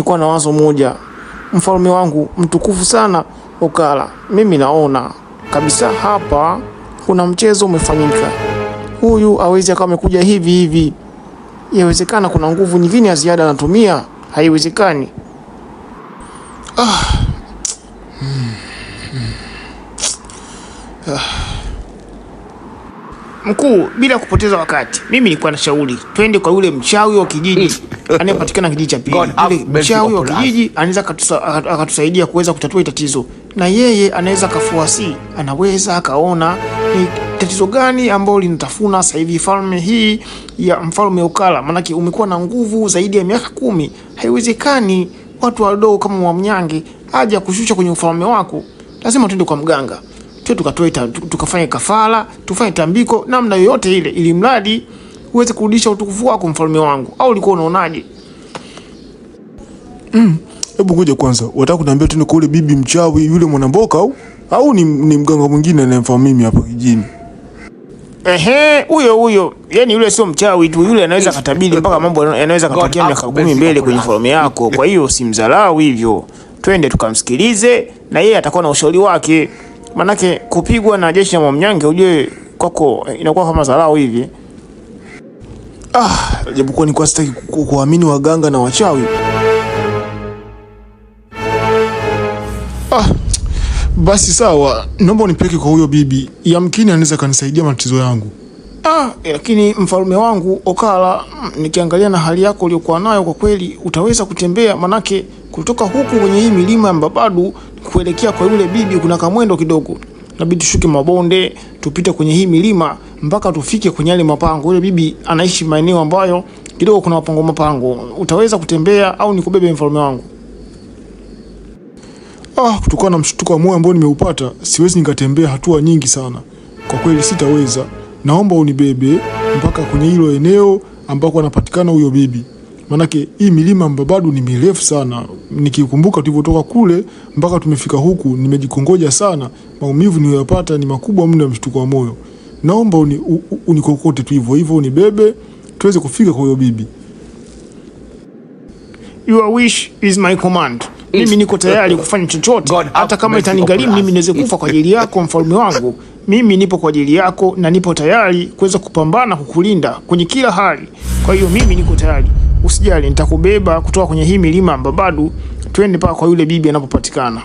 Nilikuwa na wazo moja, mfalme wangu mtukufu sana Okara, mimi naona kabisa hapa kuna mchezo umefanyika. Huyu awezi akawa amekuja hivi hivi, yawezekana kuna nguvu nyingine ya ziada anatumia. Haiwezekani. ah. hmm. hmm. ah. Mkuu, bila kupoteza wakati, mimi nilikuwa na shauri twende kwa yule mchawi wa kijiji hmm. anayepatikana kijiji cha pili. Mchawi wa kijiji anaweza akatusaidia kuweza kutatua tatizo, na yeye anaweza kafuasi, anaweza akaona ni tatizo gani ambalo linatafuna sasa hivi falme hii ya mfalme Ukala, maanake umekuwa na nguvu zaidi ya miaka kumi. Haiwezekani watu wadogo kama Mwamnyange aje kushusha kwenye ufalme wako, lazima twende kwa mganga sio tukatoe tukafanya kafara tufanye tambiko namna yoyote ile, ili mradi uweze kurudisha utukufu wako mfalme wangu. Au ulikuwa unaonaje? Mm, hebu ngoja kwanza, wataka kuniambia tena kwa yule bibi mchawi yule mwanamboka au au ni, ni mganga mwingine anayemfahamu mimi hapa kijini? Ehe, huyo huyo, yani yule sio mchawi tu, yule anaweza katabili mpaka mambo yanaweza katokea miaka kumi mbele kwenye falme yako. Kwa hiyo simdharau hivyo, twende tukamsikilize na yeye atakuwa na ushauri wake. Manake kupigwa na jeshi la Mwamnyange ujue kwako inakuwa kama dharau hivi. Ah, japokuwa nilikuwa sitaki kuamini waganga na wachawi. Ah, basi sawa, naomba unipeke kwa huyo bibi, yamkini anaweza kanisaidia matatizo yangu. Ah, lakini mfalme wangu Okara, mm, nikiangalia na hali yako uliokuwa nayo, kwa kweli utaweza kutembea manake kutoka huku kwenye hii milima ya Mbabadu kuelekea kwa yule bibi kuna kamwendo kidogo, nabidi tushuke mabonde tupite kwenye hii milima mpaka tufike kwenye yale mapango. Yule bibi anaishi maeneo ambayo kidogo kuna mapango mapango, utaweza kutembea au nikubebe mfalme wangu? Ah, kutokana na mshtuko wa moyo ambao nimeupata siwezi nikatembea hatua nyingi sana kwa kweli, sitaweza. Naomba unibebe mpaka kwenye hilo eneo ambako anapatikana huyo bibi. Maanake hii milima ambayo bado ni mirefu sana, nikikumbuka tulivyotoka kule mpaka tumefika huku, nimejikongoja sana. Maumivu niliyopata ni makubwa mno ya mshtuko wa moyo. Naomba unikokote tu hivyo hivyo, unibebe tuweze kufika kwa huyo bibi. Your wish is my command. Mimi niko tayari kufanya chochote, hata kama itanigharimu mimi niweze kufa kwa ajili yako, mfalme wangu. Mimi nipo kwa ajili yako na nipo tayari kuweza kupambana kukulinda kwenye kila hali. Kwa hiyo mimi niko tayari usijali, nitakubeba kutoka kwenye hii milima Mbabadu, twende mpaka kwa yule bibi anapopatikana.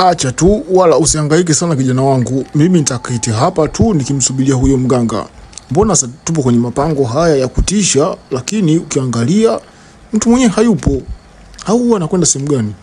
Acha tu, wala usihangaike sana kijana wangu. Mimi nitaketi hapa tu nikimsubiria huyo mganga mbona sasa tupo kwenye mapango haya ya kutisha, lakini ukiangalia mtu mwenyewe hayupo, au anakwenda sehemu gani?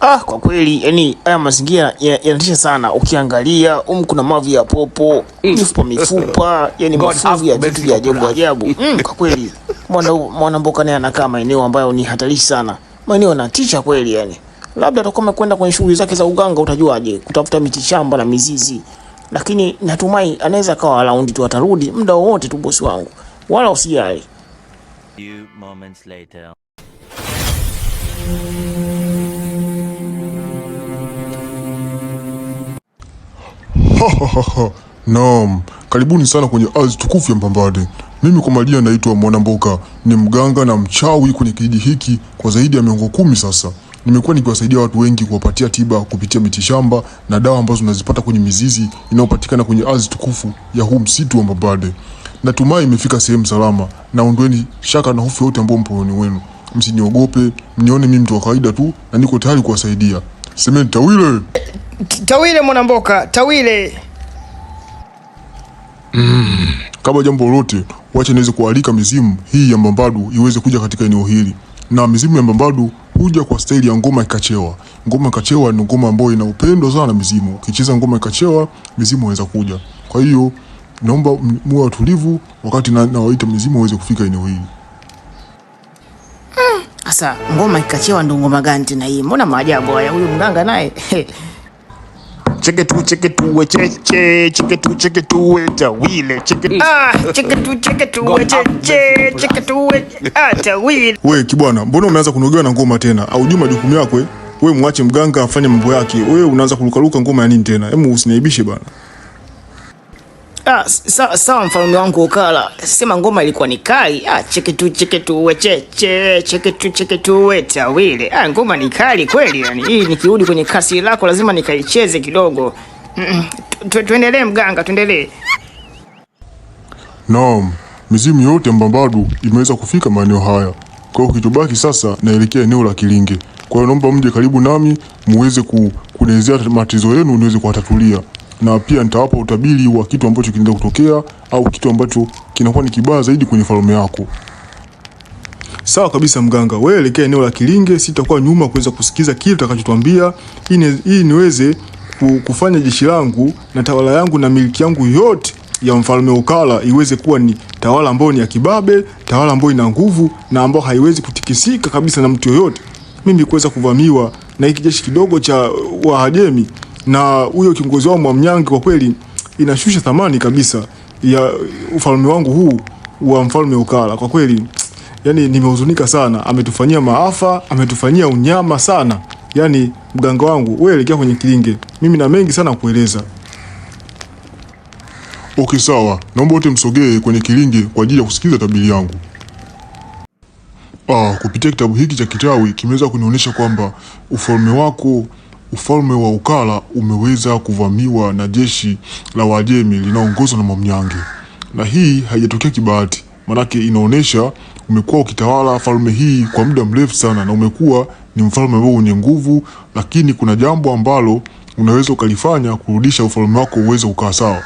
Ah, kwa kweli yani haya mazingira yanatisha ya sana. Ukiangalia um kuna mavi ya popo, um, mifupa mifupa, yani mafuvu ya vitu vya ajabu ajabu. Mm, kwa kweli mwana mwana mboka naye anakaa maeneo ambayo ni hatarishi sana, maeneo yanatisha kweli yani. Labda atakuwa amekwenda kwenye shughuli zake za uganga, utajuaje? Kutafuta miti shamba na mizizi lakini natumai anaweza kawa raundi tu, atarudi muda wowote tu bosi wangu, wala usijali. Naam, karibuni sana kwenye ardhi tukufu ya Mpambade. Mimi kwa majina naitwa Mwanamboka, ni mganga na mchawi kwenye kijiji hiki kwa zaidi ya miongo kumi sasa nimekuwa nikiwasaidia watu wengi kuwapatia tiba kupitia mitishamba na dawa ambazo unazipata kwenye mizizi inayopatikana kwenye ardhi tukufu ya huu msitu wa Mbabade. Natumai imefika sehemu salama, na ondoeni shaka na hofu yote ambayo mponi wenu. Msiniogope, mnione mimi mtu wa kawaida tu, na niko tayari kuwasaidia. Semeni Tawile, Tawile mwanamboka, Tawile. Mm. Kabla jambo lolote, wacha niweze kualika mizimu hii ya Mbambadu iweze kuja katika eneo hili, na mizimu ya Mbambadu kuja kwa staili ya ngoma ikachewa. Ngoma ikachewa ni ngoma ambayo inaupendwa sana sana mizimu. Ukicheza ngoma ikachewa, mizimu inaweza kuja. Kwa hiyo naomba muwe watulivu wakati nawaita na mizimu waweze kufika eneo hili. Hmm, sasa ngoma ikachewa ndo ngoma gani tena hii? Mbona maajabu haya, huyu mganga naye cheke tu cheke tu we cheche cheke tu cheke tu we tawile cheke mm. ah cheke tu cheke tu we cheche cheke tu we ah tawile. We kibwana, mbona umeanza kunogewa na ngoma tena? Au juma jukumu yako we, mwache mganga afanye mambo yake, we unaanza kurukaruka ngoma ya nini tena? Hebu usiniaibishe bana. Ah, sawa sawa, mfalme wangu Ukala, sema ngoma ilikuwa ni kali. Ah, cheke tu cheke tu wecheche, cheke tu cheke tu wetawile. Ah, ngoma ni kali kweli, yani hii nikirudi kwenye kasi lako lazima nikaicheze kidogo. Mm, tuendelee mganga, tuendelee. Naam, mizimu yote Mbambadu imeweza kufika maeneo haya. Kwa hiyo kitubaki sasa, naelekea eneo la Kilinge. Kwa hiyo naomba mje karibu nami muweze ku, kunielezea matatizo yenu niweze kuwatatulia na pia nitawapa utabiri wa kitu ambacho kinaweza kutokea au kitu ambacho kinakuwa ni kibaya zaidi kwenye falme yako. Sawa kabisa mganga, wewe elekea eneo la Kilinge, sitakuwa nyuma kuweza kusikiza kile utakachotuambia, ili niweze kufanya jeshi langu na tawala yangu na miliki yangu yote ya mfalme Ukala iweze kuwa ni tawala ambayo ni ya kibabe, tawala ambayo ina nguvu na ambayo haiwezi kutikisika kabisa na mtu yoyote. Mimi kuweza kuvamiwa na hiki jeshi kidogo cha Wahajemi na huyo kiongozi wao Mwamnyange kwa kweli inashusha thamani kabisa ya ufalme wangu huu wa mfalme Ukala. Kwa kweli yani nimehuzunika sana, ametufanyia maafa, ametufanyia unyama sana. Yani mganga wangu, wewe elekea kwenye kilinge, mimi na mengi sana kueleza. Okay, sawa, naomba wote msogee kwenye kilinge kwa ajili ya kusikiliza tabiri yangu. Ah, kupitia kitabu hiki cha kitawi kimeweza kunionyesha kwamba ufalme wako Ufalme wa ukala umeweza kuvamiwa na jeshi la Wajemi linaongozwa na Mwamnyange, na hii haijatokea kibahati, maanake inaonyesha umekuwa ukitawala falme hii kwa muda mrefu sana, na umekuwa ni mfalme ambao wenye nguvu, lakini kuna jambo ambalo unaweza ukalifanya kurudisha ufalme wako uweze kukaa sawa.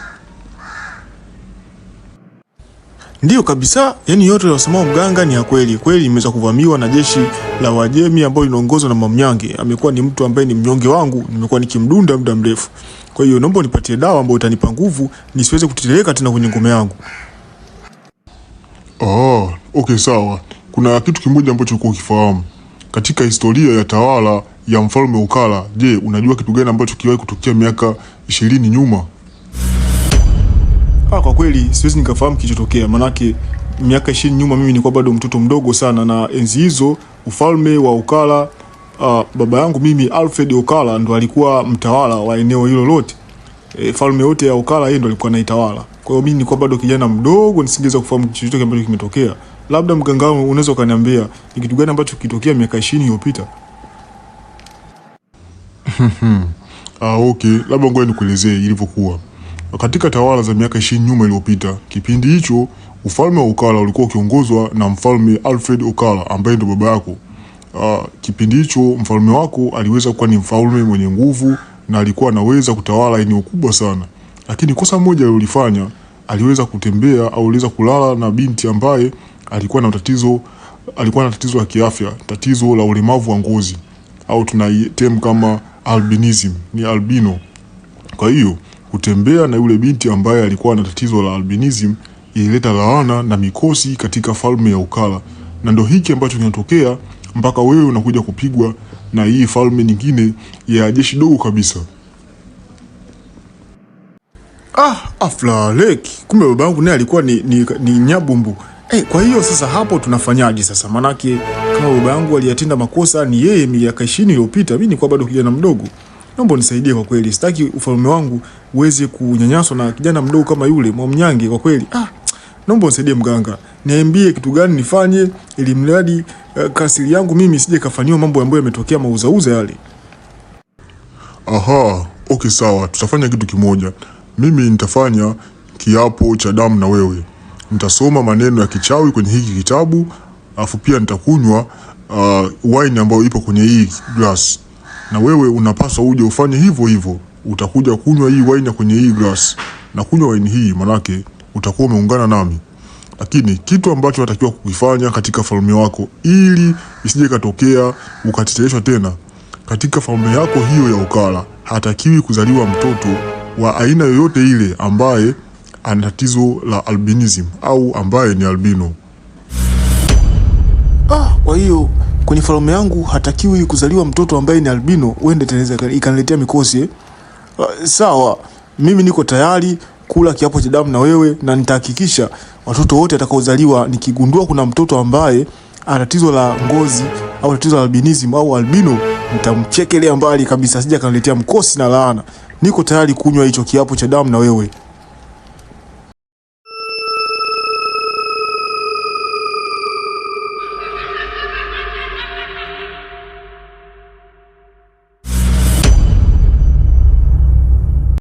Ndiyo kabisa, yani yote wasema mganga ni ya kweli. Kweli imeweza kuvamiwa na jeshi la Wajemi ambao linaongozwa na Mamnyange. Amekuwa ni mtu ambaye ni mnyonge wangu, nimekuwa nikimdunda muda mrefu. Kwa hiyo naomba unipatie dawa ambayo itanipa nguvu nisiweze kutetereka tena kwenye ngome yangu. Ah, okay sawa. Kuna kitu kimoja ambacho uko ukifahamu katika historia ya tawala ya mfalme Ukala. Je, unajua kitu gani ambacho kiwahi kutokea miaka ishirini nyuma? Ah, kwa kweli siwezi nikafahamu kilichotokea, manake miaka ishirini nyuma mimi nilikuwa bado mtoto mdogo sana, na enzi hizo ufalme wa Okara Uh, ah, baba yangu mimi Alfred Okara ndo alikuwa mtawala wa eneo hilo lote. E, falme yote ya Okara yeye ndo alikuwa anaitawala. Kwa hiyo mimi nilikuwa bado kijana mdogo nisingeweza kufahamu chochote ambacho kimetokea. Labda mganga wangu unaweza ukaniambia ni kitu gani ambacho kilitokea miaka 20 iliyopita. Ah, okay, labda ngoja nikuelezee ilivyokuwa katika tawala za miaka ishirini nyuma iliyopita. Kipindi hicho ufalme wa Ukala ulikuwa ukiongozwa na mfalme Alfred Ukala ambaye ndio baba yako. Uh, kipindi hicho mfalme wako aliweza kuwa ni mfalme mwenye nguvu na alikuwa anaweza kutawala eneo kubwa sana, lakini kosa moja alilofanya, aliweza kutembea au aliweza kulala na binti ambaye alikuwa na tatizo, alikuwa na tatizo la kiafya, tatizo la ulemavu wa ngozi au tunaitem kama albinism, ni albino. Kwa hiyo Kutembea na yule binti ambaye alikuwa na tatizo la albinism ilileta laana na mikosi katika falme ya Ukala, na ndo hiki ambacho kinatokea mpaka wewe unakuja kupigwa na hii falme nyingine ya jeshi dogo kabisa. Ah, aflaleki, kumbe babangu naye alikuwa ni, ni, ni nyabumbu. Hey, eh, kwa hiyo sasa hapo tunafanyaje sasa? Manake kama baba yangu aliyatenda makosa ni yeye miaka ishirini iliyopita, mimi nilikuwa bado kijana mdogo naomba unisaidie kwa kweli, sitaki ufalme wangu uweze kunyanyaswa na kijana mdogo kama yule Mwamnyange. Kwa kweli, ah, naomba unisaidie mganga, niambie kitu gani nifanye, ili mradi uh, kasiri yangu mimi sije kafanyiwa mambo ambayo yametokea mauzauza yale. Aha, okay, sawa, tutafanya kitu kimoja. Mimi nitafanya kiapo cha damu na wewe, nitasoma maneno ya kichawi kwenye hiki kitabu, afu pia nitakunywa uh, wine ambayo ipo kwenye hii glass na wewe unapaswa uje ufanye hivyo hivyo. Utakuja kunywa hii waini kwenye hii glass na kunywa waini hii, manake utakuwa umeungana nami. Lakini kitu ambacho unatakiwa kukifanya katika falme wako, ili isije katokea ukatetereshwa tena katika falme yako hiyo ya ukala hatakiwi kuzaliwa mtoto wa aina yoyote ile ambaye ana tatizo la albinism au ambaye ni albino. Ah, kwa hiyo kwenye falme yangu hatakiwi kuzaliwa mtoto ambaye ni albino, uende teneza ikaniletea mikosi. Eh, sawa, mimi niko tayari kula kiapo cha damu na wewe, na nitahakikisha watoto wote atakaozaliwa, nikigundua kuna mtoto ambaye ana tatizo la ngozi au tatizo la albinism au albino, nitamchekelea mbali kabisa, sija kaniletea mkosi na laana. Niko tayari kunywa hicho kiapo cha damu na wewe.